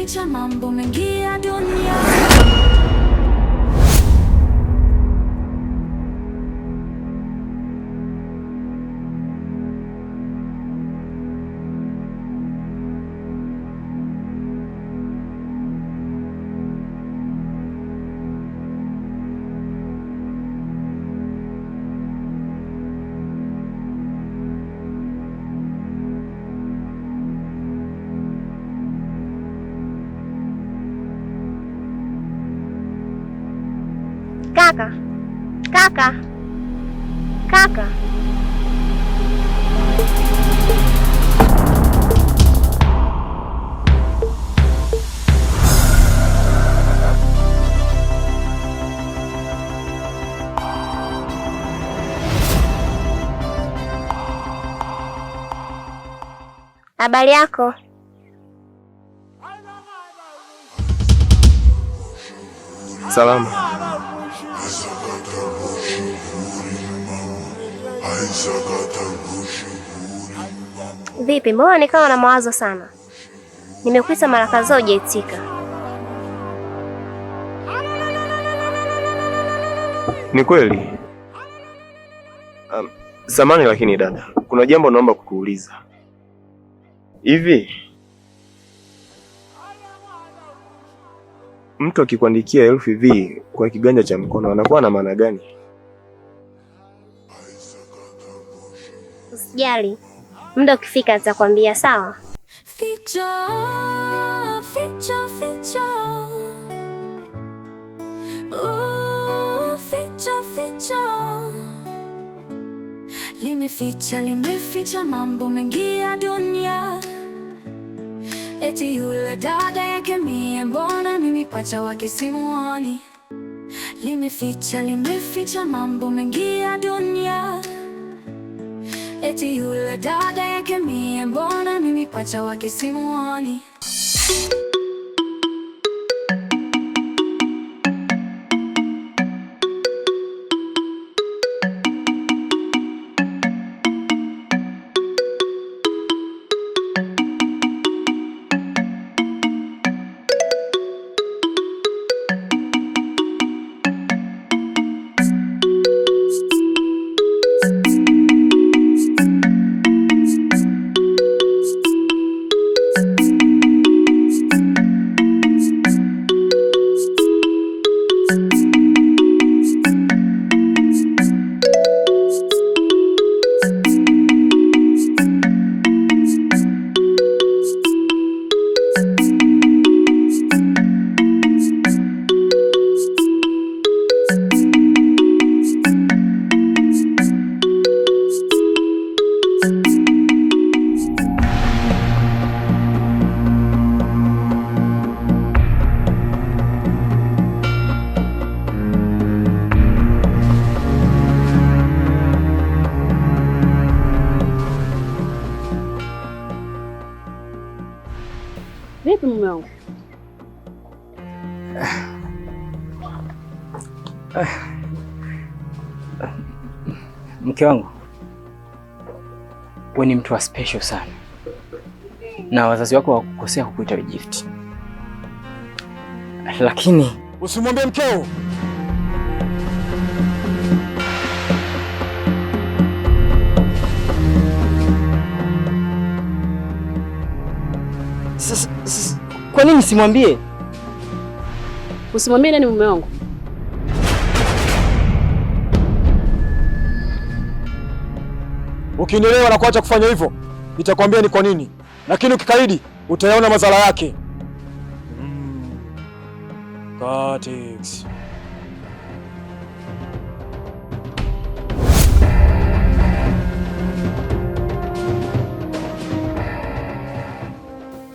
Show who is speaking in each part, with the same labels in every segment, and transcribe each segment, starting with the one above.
Speaker 1: kuficha mambo mengi ya dunia. Kaka, kaka, habari yako?
Speaker 2: Salama.
Speaker 1: Vipi, mbona nikawa na mawazo sana? Nimekuita mara kadhaa hujaitika.
Speaker 2: Ni kweli um, samani lakini dada, kuna jambo naomba kukuuliza. Hivi mtu akikuandikia elfu hivi kwa kiganja cha mkono anakuwa na maana gani?
Speaker 1: Usijali, muda ukifika nitakwambia. Sawa. Ficha, ficha, ficha. Oh, ficha, ficha. Limeficha, limeficha mambo mengi ya dunia. Eti yule dada yake mie, mbona mimi pacha wake simuoni? Limeficha, limeficha mambo mengi ya dunia eti yule dada yake mie, mbona mimi pacha wake simuoni?
Speaker 3: Mke wangu, we ni mtu wa special sana, na wazazi wako wakukosea kukuita gift, lakini
Speaker 4: usimwambie mkeo.
Speaker 1: Kwa nini simwambie? Usimwambie nani? Mume wangu
Speaker 4: Ukiendelewa na kuacha kufanya hivyo, nitakwambia ni kwa nini, lakini ukikaidi utayaona madhara yake. Mm.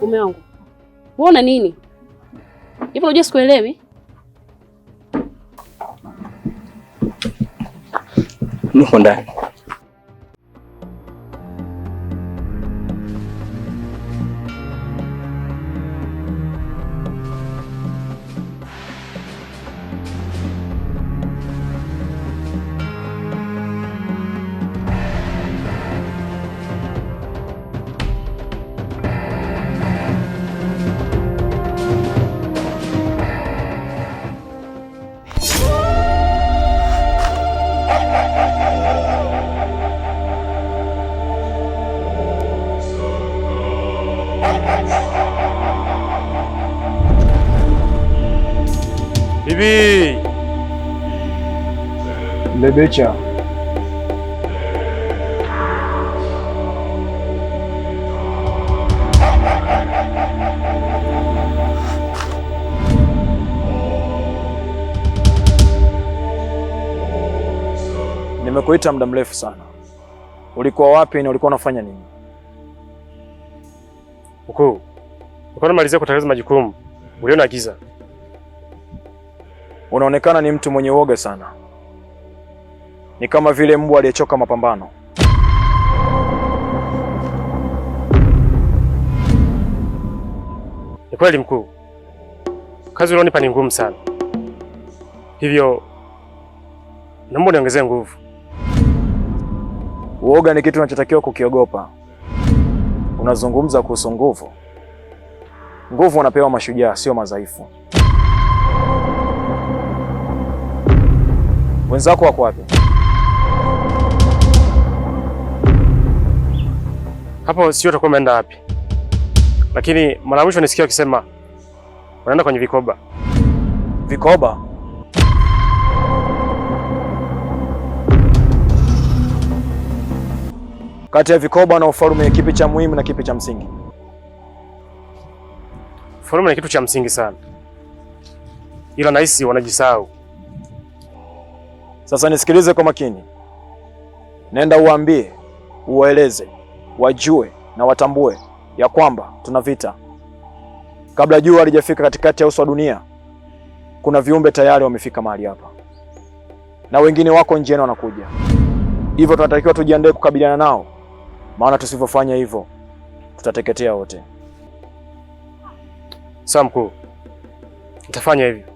Speaker 1: Mume wangu uona nini hivyo? Unajua sikuelewi.
Speaker 3: Ndani
Speaker 2: Lebecha. Nimekuita muda mrefu sana. Ulikuwa wapi na ulikuwa unafanya nini?
Speaker 4: Ukuu, ulikuwa unamalizia kutekeleza majukumu uliona giza.
Speaker 2: Unaonekana ni mtu mwenye uoga sana. Ni kama vile mbwa aliyechoka mapambano.
Speaker 4: Ni kweli mkuu, kazi ulionipa ni ngumu sana, hivyo naomba uniongezee nguvu.
Speaker 2: Uoga ni kitu unachotakiwa kukiogopa. Unazungumza kuhusu nguvu. Nguvu wanapewa mashujaa, sio madhaifu. Wenzako wako wapi?
Speaker 4: hapo sio, utakuwa umeenda wapi? Lakini mara mwisho nisikia ukisema unaenda kwenye vikoba.
Speaker 2: Vikoba? Kati ya vikoba na ufalume, kipi cha muhimu na kipi cha msingi?
Speaker 4: Ufalume ni kitu cha msingi sana, ila nahisi wanajisahau.
Speaker 2: Sasa nisikilize kwa makini, nenda uambie, uwaeleze wajue na watambue ya kwamba tuna vita. Kabla jua halijafika katikati ya uso wa dunia, kuna viumbe tayari wamefika mahali hapa, na wengine wako njiani wanakuja. Hivyo tunatakiwa tujiandae kukabiliana nao, maana tusivyofanya hivyo tutateketea wote.
Speaker 4: Samku, nitafanya hivyo.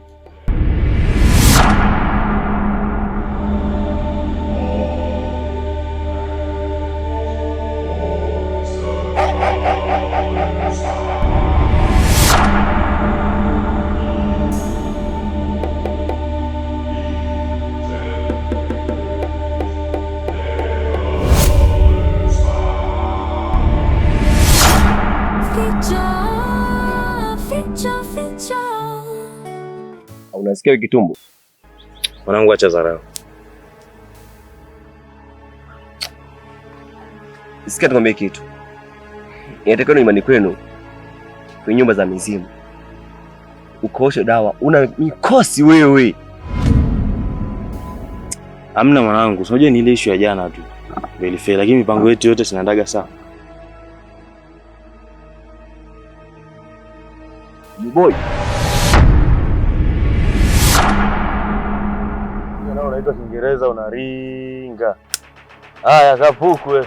Speaker 2: Unasikia wiki tumbo? Mwanangu, acha dharau.
Speaker 3: Sikia nikwambie kitu. Inatakiwa na imani kwenu kwenye nyumba za mizimu. ukoshe dawa una mikosi wewe.
Speaker 2: Amna mwanangu, unajua ni ile issue ya jana tu ndio ilifeli, lakini mipango yetu yote sinaendaga sawa. Boy.
Speaker 5: unaitwa Kiingereza unaringa. Haya, kapukwe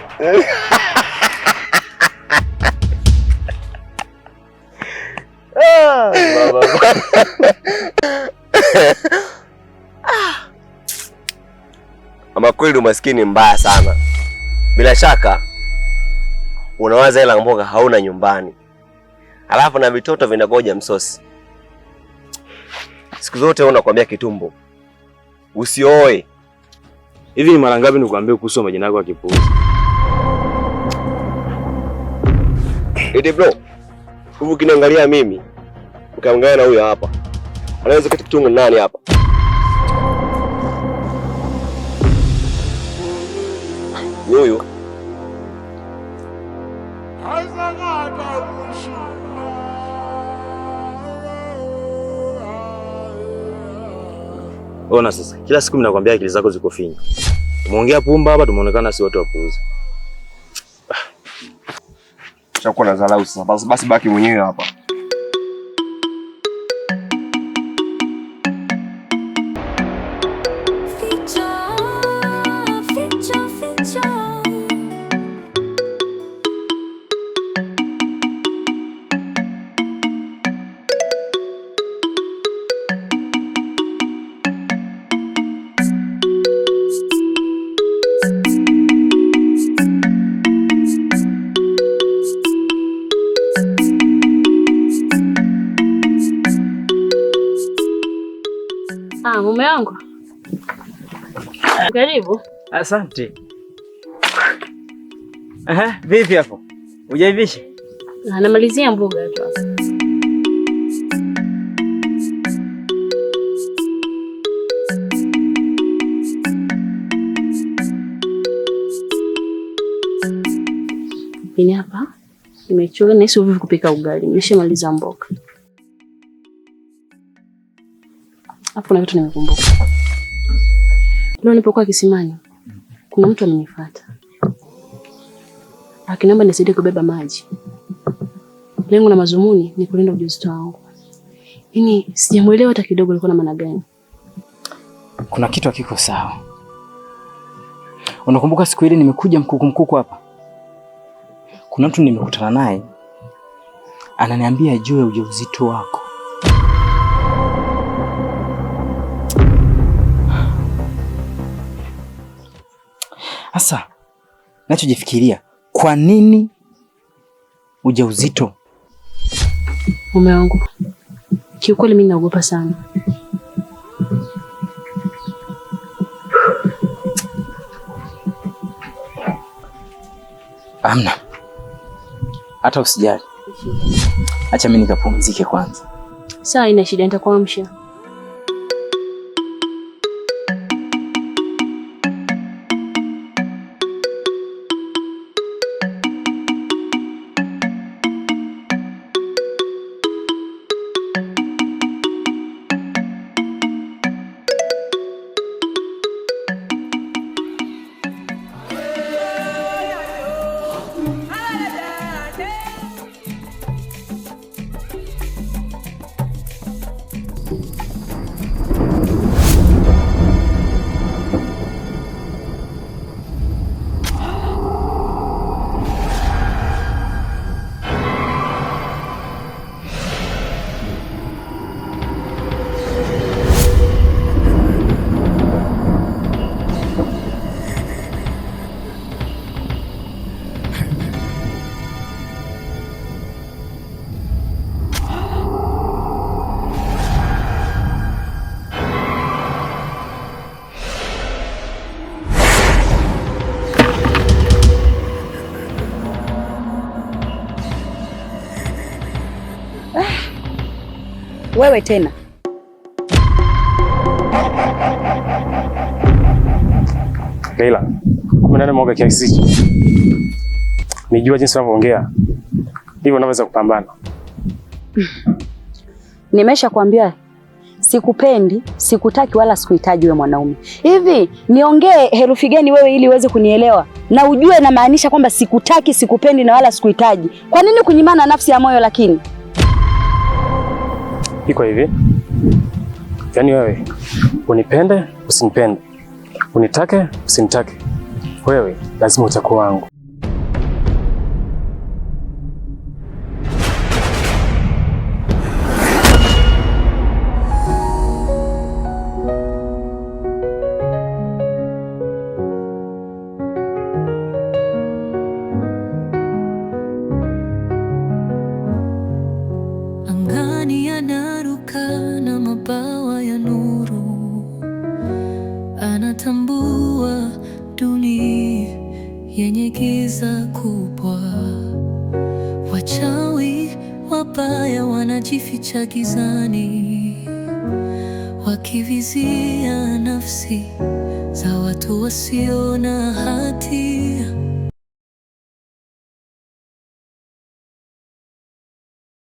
Speaker 5: ah,
Speaker 3: ah. ama kweli umaskini mbaya sana. Bila shaka unawaza hela mboga hauna nyumbani, alafu na vitoto vinagoja msosi siku zote. Unakwambia kitumbo usioe. Hivi ni mara ngapi nikuambia kuhusu majina yako ya kipuzi?
Speaker 6: Eti bro, huvu kiniangalia mimi ukiangalia na huyo hapa anaweza kitu kitungu nani hapa? Huyu
Speaker 3: Umeona sasa, kila siku mnakwambia akili zako ziko finyu. Tumeongea pumba hapa, tumeonekana si watu wa kuuza.
Speaker 4: Chakula na dharau sasa, basi baki mwenyewe hapa.
Speaker 1: Ah, mume wangu karibu.
Speaker 3: Asante. Aha, vipi hapo? Ujaivisha?
Speaker 1: Na namalizia mboga tu. Pini hapa. Nimechoka na siwezi kupika ugali. Nimeshamaliza mboga. Hapo kuna kitu nimekumbuka. Leo nilipokuwa kisimani, kuna mtu amenifuata akiniomba nisaidie kubeba maji. Lengo na mazumuni ni kulinda ujauzito wangu. Yaani sijamuelewa hata kidogo, alikuwa na maana gani?
Speaker 3: Kuna kitu hakiko sawa. Unakumbuka siku ile nimekuja mkuku mkuku hapa, kuna mtu nimekutana naye ananiambia juu ya ujauzito wako Sasa nachojifikiria, kwa nini ujauzito?
Speaker 1: Mume wangu, kiukweli mimi naogopa sana.
Speaker 3: Amna, hata usijali, acha mimi nikapumzike kwanza.
Speaker 1: Saa ina shida, nitakuamsha. wewe tena.
Speaker 4: Leila, umenana mwaga kiasi hiki. Nijua jinsi unavyoongea. Hivyo unaweza kupambana.
Speaker 1: Nimesha kuambia sikupendi, sikutaki wala sikuhitaji we mwanaume. Hivi niongee herufi gani wewe ili uweze kunielewa na ujue namaanisha kwamba sikutaki, sikupendi na wala sikuhitaji? Kwa nini kunyimana nafsi ya moyo lakini?
Speaker 4: iko hivi, yaani wewe unipende usinipende, unitake usinitake, wewe lazima utakuwa wangu. kujificha gizani, wakivizia nafsi za watu wasio na hati.